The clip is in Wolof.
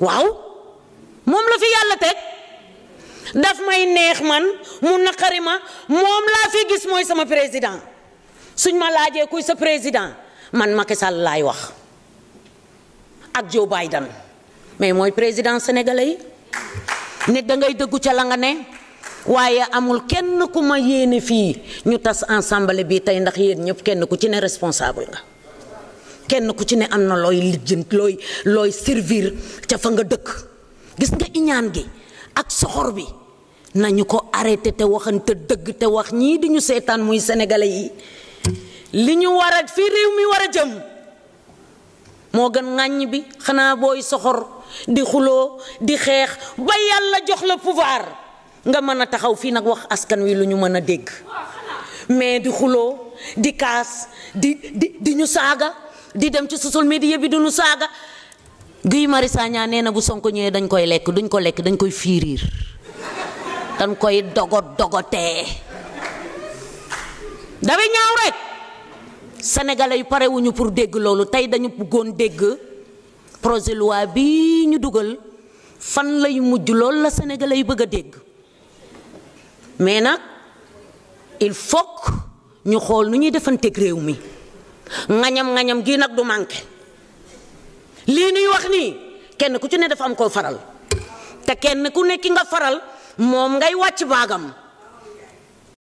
waaw moom la fi yàlla teg daf may neex man mu naqari ma moom laa fi gis mooy sama président suñ ma laajee kuy sa président man Macky Sall laay wax ak Joe Biden mais mooy président sénégalais yi nit da ngay dëggu ca la nga ne waaye amul kenn ku ma yéene fii ñu tas ensemble bi tey ndax yéen ñëpp kenn ku ci ne responsable nga kenn ku ci ne am na looy lijjant looy looy servir ca fa nga dëkk gis nga iñaan gi ak soxor bi nañu ko arrêté te waxante dëgg te wax ñii di ñu seetaan muy sénégalais yi li ñu war a fii réew mi war a jëm moo gën ŋàññ bi xanaa booy soxor di xuloo di xeex ba yàlla jox la pouvoir nga mën a taxaw fii nag wax askan wi lu ñu mën a dégg mais di xuloo di kaas di di ñu saaga di dem ci social media bi duñu saaga Guy Marius Sagna nee na bu Sonko ñëwee dañ koy lekk duñ ko lekk dañ koy fiiriir dañ koy dogo dogotee dafa ñaaw rek sénégalais yu parewuñu pour dégg loolu tey dañu buggoon dégg projet loi bi ñu dugal fan lay mujj loolu la sénégalais yu bëgg a dégg mais nag il faut ñu xool nu ñuy defanteeg réew mi ngañam ngañam gii nag du manqué lii nuy wax nii kenn ku ci ne dafa am koo faral te kenn ku nekki nga faral moom ngay wàcc baagam.